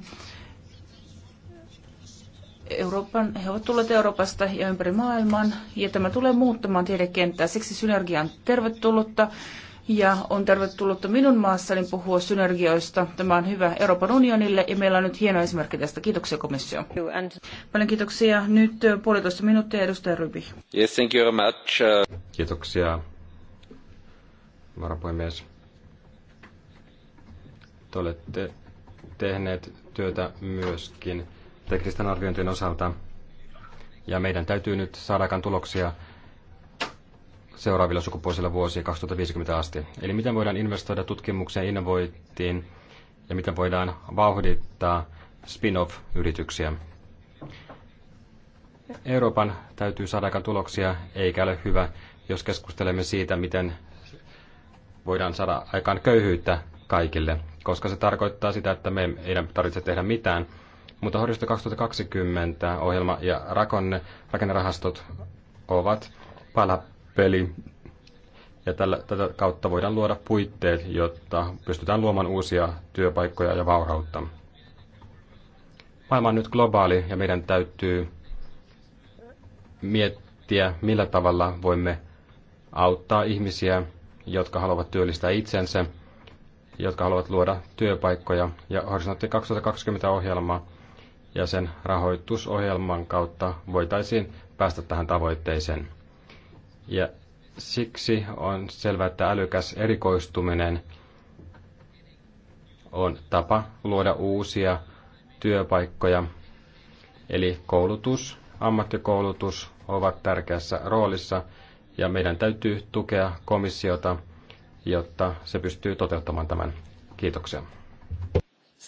Euroopan, he ovat tulleet Euroopasta ja ympäri maailman, ja tämä tulee muuttamaan tiedekenttää. Siksi synergia on tervetullutta, ja on tervetullutta minun maassani puhua synergioista. Tämä on hyvä Euroopan unionille, ja meillä on nyt hieno esimerkki tästä. Kiitoksia komissio. Paljon kiitoksia. Nyt puolitoista minuuttia, edustaja Ryby. Yes, thank you very much. Kiitoksia, varapuhemies. Te olette tehneet työtä myöskin teknisten arviointien osalta. Ja meidän täytyy nyt saada aikaan tuloksia seuraavilla sukupuolisilla vuosia 2050 asti. Eli miten voidaan investoida tutkimukseen, innovointiin ja miten voidaan vauhdittaa spin-off-yrityksiä. Euroopan täytyy saada aikaan tuloksia, eikä ole hyvä, jos keskustelemme siitä, miten voidaan saada aikaan köyhyyttä kaikille, koska se tarkoittaa sitä, että me ei tarvitse tehdä mitään – mutta Horjusta 2020 ohjelma ja rakonne, rakennerahastot ovat palapeli. Ja tällä, tätä kautta voidaan luoda puitteet, jotta pystytään luomaan uusia työpaikkoja ja vaurautta. Maailma on nyt globaali ja meidän täytyy miettiä, millä tavalla voimme auttaa ihmisiä, jotka haluavat työllistää itsensä, jotka haluavat luoda työpaikkoja. Ja Horisontti 2020 ohjelmaa ja sen rahoitusohjelman kautta voitaisiin päästä tähän tavoitteeseen. Ja siksi on selvää, että älykäs erikoistuminen on tapa luoda uusia työpaikkoja. Eli koulutus, ammattikoulutus ovat tärkeässä roolissa ja meidän täytyy tukea komissiota, jotta se pystyy toteuttamaan tämän. Kiitoksia.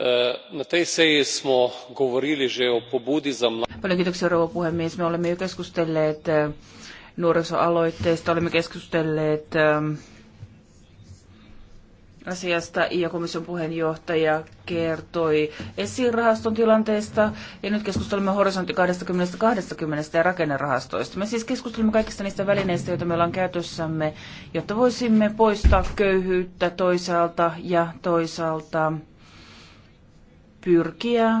Eh, na tej seji smo govorili že o pobudi za rouva puhemies. Me olemme jo keskustelleet eh, nuorisoaloitteesta, olemme keskustelleet eh, asiasta ja komission puheenjohtaja kertoi esirahaston tilanteesta ja nyt keskustelemme horisontti 2020 ja rakennerahastoista. Me siis keskustelemme kaikista niistä välineistä, joita meillä on käytössämme, jotta voisimme poistaa köyhyyttä toisaalta ja toisaalta pyrkiä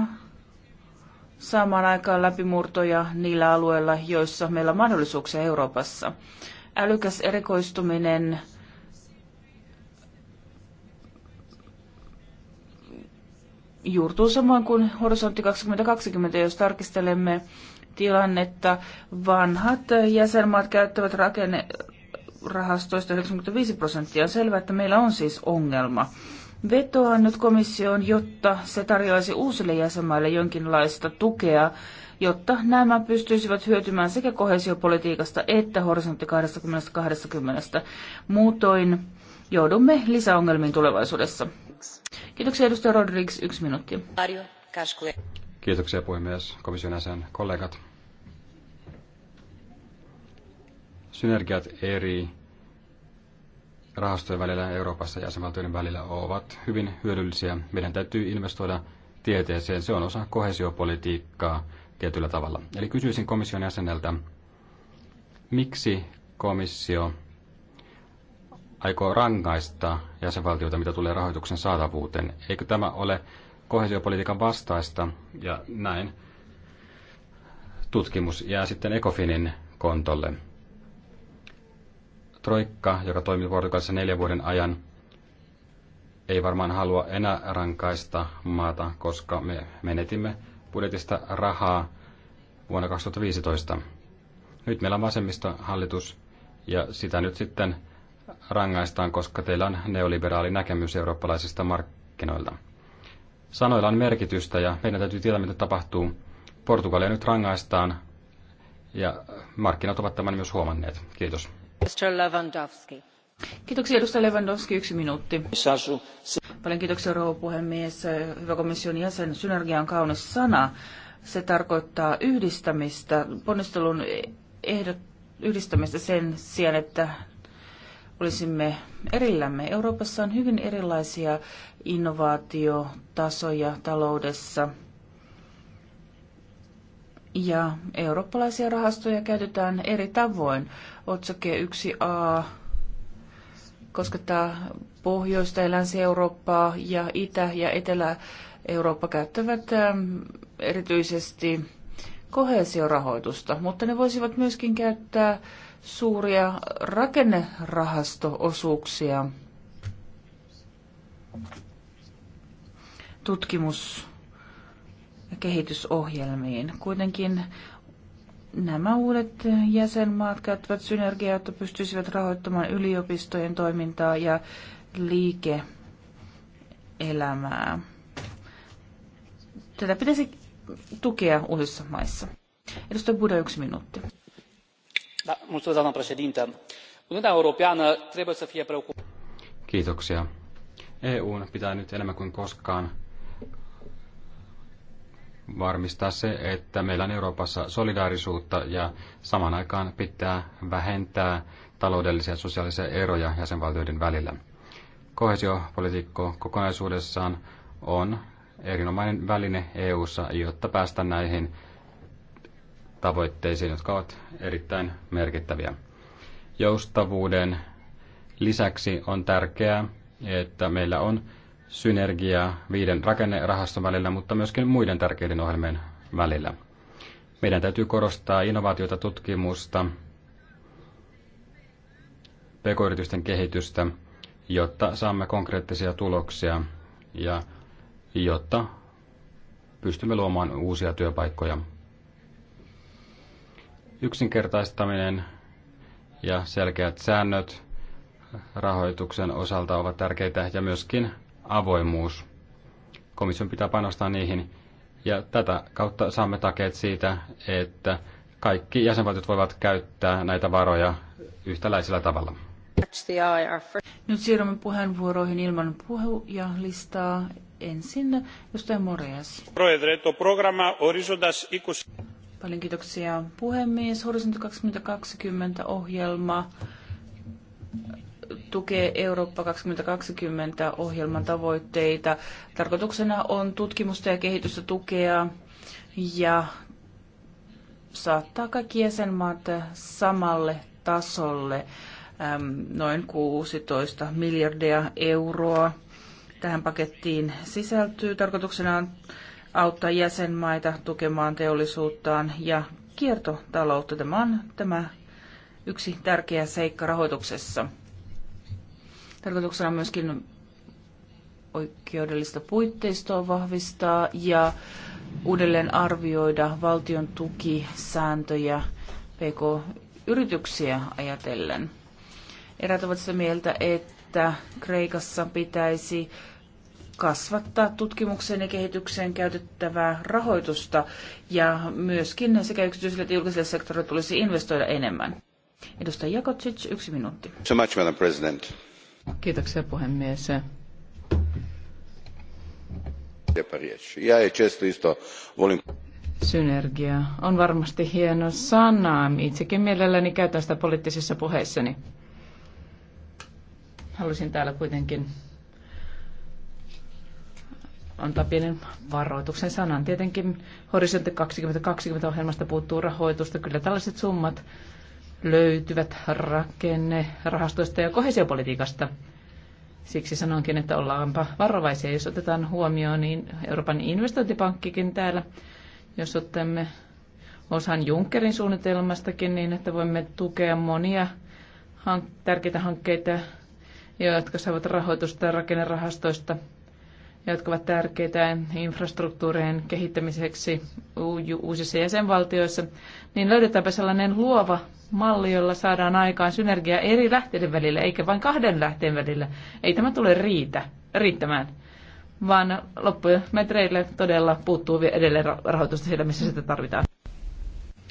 saamaan aikaan läpimurtoja niillä alueilla, joissa meillä on mahdollisuuksia Euroopassa. Älykäs erikoistuminen juurtuu samoin kuin Horisontti 2020, jos tarkistelemme tilannetta. Vanhat jäsenmaat käyttävät rakennerahastoista, 95 prosenttia. On selvää, että meillä on siis ongelma vetoan nyt komissioon, jotta se tarjoaisi uusille jäsenmaille jonkinlaista tukea, jotta nämä pystyisivät hyötymään sekä kohesiopolitiikasta että horisontti 2020. Muutoin joudumme lisäongelmiin tulevaisuudessa. Kiitoksia edustaja Rodriguez, yksi minuutti. Kiitoksia puhemies, komission jäsen, kollegat. Synergiat eri rahastojen välillä Euroopassa ja jäsenvaltioiden välillä ovat hyvin hyödyllisiä. Meidän täytyy investoida tieteeseen. Se on osa kohesiopolitiikkaa tietyllä tavalla. Eli kysyisin komission jäseneltä, miksi komissio aikoo rangaista jäsenvaltioita, mitä tulee rahoituksen saatavuuteen. Eikö tämä ole kohesiopolitiikan vastaista ja näin tutkimus jää sitten Ecofinin kontolle. Troikka, joka toimi Portugalissa neljän vuoden ajan, ei varmaan halua enää rankaista maata, koska me menetimme budjetista rahaa vuonna 2015. Nyt meillä on vasemmista hallitus ja sitä nyt sitten rangaistaan, koska teillä on neoliberaali näkemys eurooppalaisista markkinoilta. Sanoilla on merkitystä ja meidän täytyy tietää, mitä tapahtuu. Portugalia nyt rangaistaan ja markkinat ovat tämän myös huomanneet. Kiitos. Kiitoksia Lewandowski, yksi minuutti. kiitoksia puhemies. Hyvä komission jäsen, synergia on kaunis sana. Se tarkoittaa yhdistämistä, ponnistelun ehdot, yhdistämistä sen sijaan, että olisimme erillämme. Euroopassa on hyvin erilaisia innovaatiotasoja taloudessa – ja eurooppalaisia rahastoja käytetään eri tavoin. Otsake 1a koskettaa pohjoista ja länsi-Eurooppaa ja Itä- ja Etelä-Eurooppa käyttävät ähm, erityisesti kohesiorahoitusta, mutta ne voisivat myöskin käyttää suuria rakennerahasto-osuuksia tutkimus- kehitysohjelmiin. Kuitenkin nämä uudet jäsenmaat käyttävät synergiaa, jotta pystyisivät rahoittamaan yliopistojen toimintaa ja liike-elämää. Tätä pitäisi tukea uusissa maissa. Edustaja Buda, yksi minuutti. Kiitoksia. EUn pitää nyt enemmän kuin koskaan varmistaa se, että meillä on Euroopassa solidaarisuutta ja saman aikaan pitää vähentää taloudellisia ja sosiaalisia eroja jäsenvaltioiden välillä. Kohesiopolitiikko kokonaisuudessaan on erinomainen väline EU:ssa, jotta päästä näihin tavoitteisiin, jotka ovat erittäin merkittäviä. Joustavuuden lisäksi on tärkeää, että meillä on synergiaa viiden rakennerahaston välillä, mutta myöskin muiden tärkeiden ohjelmien välillä. Meidän täytyy korostaa innovaatioita, tutkimusta, pk-yritysten kehitystä, jotta saamme konkreettisia tuloksia ja jotta pystymme luomaan uusia työpaikkoja. Yksinkertaistaminen ja selkeät säännöt rahoituksen osalta ovat tärkeitä ja myöskin avoimuus. Komission pitää panostaa niihin ja tätä kautta saamme takeet siitä, että kaikki jäsenvaltiot voivat käyttää näitä varoja yhtäläisellä tavalla. Nyt siirrymme puheenvuoroihin ilman puhujalistaa. Ensin edustaja Morjas. Paljon kiitoksia puhemies. Horisontti 2020 ohjelma tukee Eurooppa 2020 ohjelman tavoitteita. Tarkoituksena on tutkimusta ja kehitystä tukea ja saattaa kaikki jäsenmaat samalle tasolle noin 16 miljardia euroa. Tähän pakettiin sisältyy. Tarkoituksena on auttaa jäsenmaita tukemaan teollisuuttaan ja kiertotaloutta. Tämä on tämä yksi tärkeä seikka rahoituksessa. Tarkoituksena on myöskin oikeudellista puitteistoa vahvistaa ja uudelleen arvioida valtion tukisääntöjä PK-yrityksiä ajatellen. Erät ovat sitä mieltä, että Kreikassa pitäisi kasvattaa tutkimukseen ja kehitykseen käytettävää rahoitusta ja myöskin sekä yksityiselle että julkiselle sektorille tulisi investoida enemmän. Edustaja Jakotsic, yksi minuutti. So much, Madam President. Kiitoksia puhemies. Synergia on varmasti hieno sana. Itsekin mielelläni käytän sitä poliittisissa puheissani. Haluaisin täällä kuitenkin antaa pienen varoituksen sanan. Tietenkin Horisontti 2020 ohjelmasta puuttuu rahoitusta. Kyllä tällaiset summat löytyvät rakenne rahastoista ja kohesiopolitiikasta. Siksi sanonkin, että ollaanpa varovaisia, jos otetaan huomioon, niin Euroopan investointipankkikin täällä, jos otamme osan Junckerin suunnitelmastakin, niin että voimme tukea monia hank- tärkeitä hankkeita, jotka saavat rahoitusta rakennerahastoista jotka ovat tärkeitä infrastruktuurien kehittämiseksi uusissa jäsenvaltioissa, niin löydetäänpä sellainen luova malli, jolla saadaan aikaan synergia eri lähteiden välillä, eikä vain kahden lähteen välillä. Ei tämä tule riitä, riittämään, vaan loppumetreille todella puuttuu edelleen rahoitusta siellä, missä sitä tarvitaan.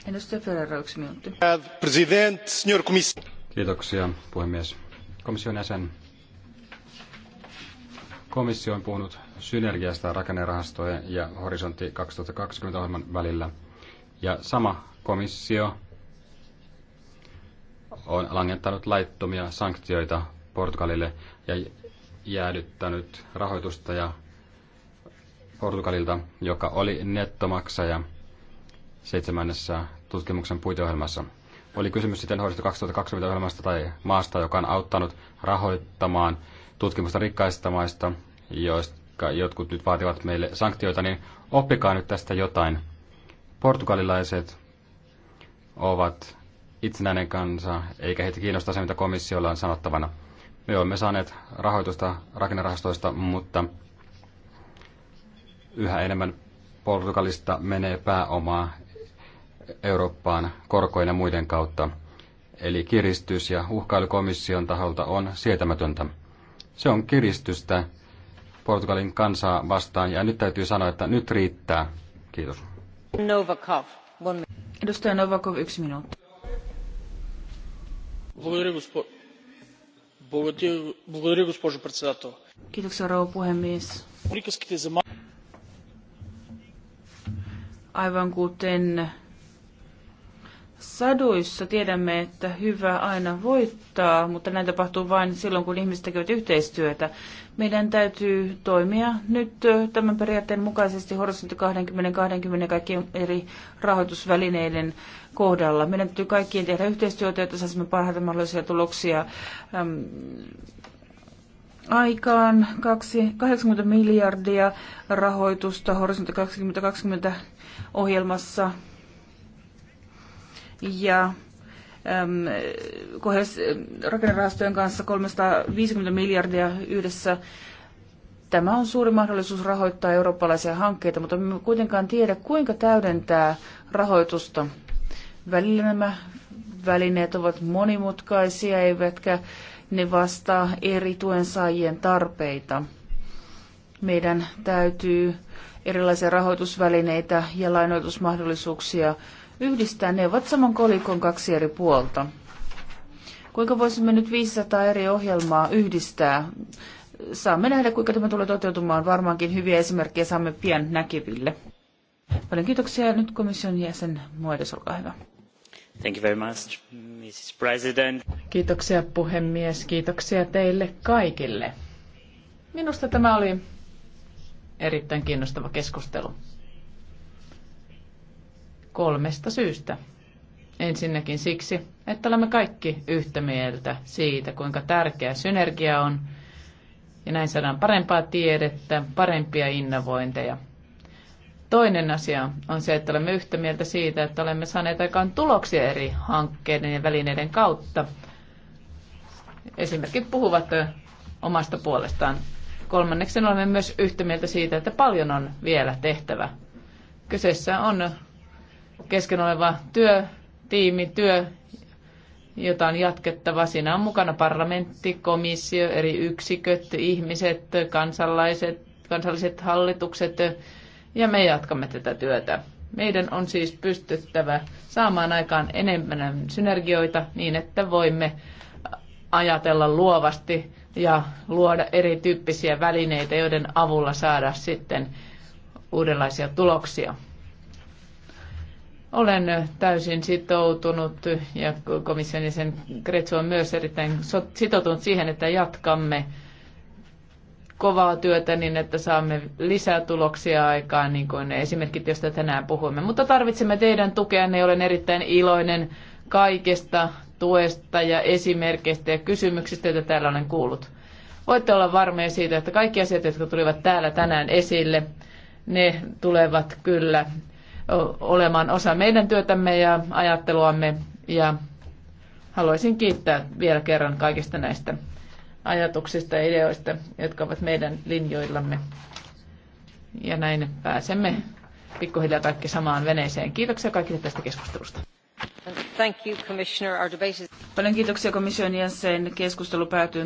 Edustaja Ferreira, yksi minuutti. Kiitoksia, puhemies. Komission jäsen. Komissio on puhunut synergiasta rakennerahastojen ja horisontti 2020 ohjelman välillä. Ja sama komissio on langettanut laittomia sanktioita Portugalille ja jäädyttänyt rahoitusta ja Portugalilta, joka oli nettomaksaja seitsemännessä tutkimuksen puiteohjelmassa. Oli kysymys sitten Horisontti 2020 ohjelmasta tai maasta, joka on auttanut rahoittamaan tutkimusta rikkaista maista, joista jotkut nyt vaativat meille sanktioita, niin oppikaa nyt tästä jotain. Portugalilaiset ovat itsenäinen kansa, eikä heitä kiinnosta se, mitä komissiolla on sanottavana. Me olemme saaneet rahoitusta rakennerahastoista, mutta yhä enemmän Portugalista menee pääomaa Eurooppaan korkoina muiden kautta. Eli kiristys ja komission taholta on sietämätöntä. Se on kiristystä Portugalin kansaa vastaan ja nyt täytyy sanoa, että nyt riittää. Kiitos. Novakov, Edustaja Novakov, yksi minuutti госпожо председател. Kiitoksia, rouva puhemies. Aivan kuten saduissa tiedämme, että hyvä aina voittaa, mutta näin tapahtuu vain silloin, kun ihmiset tekevät yhteistyötä. Meidän täytyy toimia nyt tämän periaatteen mukaisesti horisontti 20-20 kaikkien eri rahoitusvälineiden kohdalla. Meidän täytyy kaikkien tehdä yhteistyötä, jotta saisimme parhaita mahdollisia tuloksia äm, aikaan. 80 miljardia rahoitusta horisontti 2020 ohjelmassa ja ähm, rakennerahastojen kanssa 350 miljardia yhdessä. Tämä on suuri mahdollisuus rahoittaa eurooppalaisia hankkeita, mutta emme kuitenkaan tiedä, kuinka täydentää rahoitusta. Välillä nämä välineet ovat monimutkaisia, eivätkä ne vastaa eri tuensaajien tarpeita. Meidän täytyy erilaisia rahoitusvälineitä ja lainoitusmahdollisuuksia yhdistää. Ne ovat saman kolikon kaksi eri puolta. Kuinka voisimme nyt 500 eri ohjelmaa yhdistää? Saamme nähdä, kuinka tämä tulee toteutumaan. Varmaankin hyviä esimerkkejä saamme pian näkeville. Paljon kiitoksia. Nyt komission jäsen Moedes, olkaa hyvä. Thank you very much, Mrs. President. Kiitoksia puhemies, kiitoksia teille kaikille. Minusta tämä oli erittäin kiinnostava keskustelu kolmesta syystä. Ensinnäkin siksi, että olemme kaikki yhtä mieltä siitä, kuinka tärkeä synergia on, ja näin saadaan parempaa tiedettä, parempia innovointeja. Toinen asia on se, että olemme yhtä mieltä siitä, että olemme saaneet aikaan tuloksia eri hankkeiden ja välineiden kautta. Esimerkit puhuvat omasta puolestaan. Kolmanneksi olemme myös yhtä mieltä siitä, että paljon on vielä tehtävä. Kyseessä on kesken oleva työ, työ, jota on jatkettava. Siinä on mukana parlamentti, komissio, eri yksiköt, ihmiset, kansalaiset, kansalliset hallitukset ja me jatkamme tätä työtä. Meidän on siis pystyttävä saamaan aikaan enemmän synergioita niin, että voimme ajatella luovasti ja luoda erityyppisiä välineitä, joiden avulla saada sitten uudenlaisia tuloksia. Olen täysin sitoutunut ja komission jäsen Kretsu on myös erittäin sitoutunut siihen, että jatkamme kovaa työtä niin, että saamme lisää tuloksia aikaan, niin kuin esimerkiksi, esimerkit, joista tänään puhuimme. Mutta tarvitsemme teidän tukea. Ne Olen erittäin iloinen kaikesta tuesta ja esimerkkeistä ja kysymyksistä, joita täällä olen kuullut. Voitte olla varmoja siitä, että kaikki asiat, jotka tulivat täällä tänään esille, ne tulevat kyllä olemaan osa meidän työtämme ja ajatteluamme ja haluaisin kiittää vielä kerran kaikista näistä ajatuksista ja ideoista, jotka ovat meidän linjoillamme. Ja näin pääsemme pikkuhiljaa kaikki samaan veneeseen. Kiitoksia kaikille tästä keskustelusta. Thank you, Commissioner. Our debate is... Paljon kiitoksia komission jäsen. Keskustelu päätyy.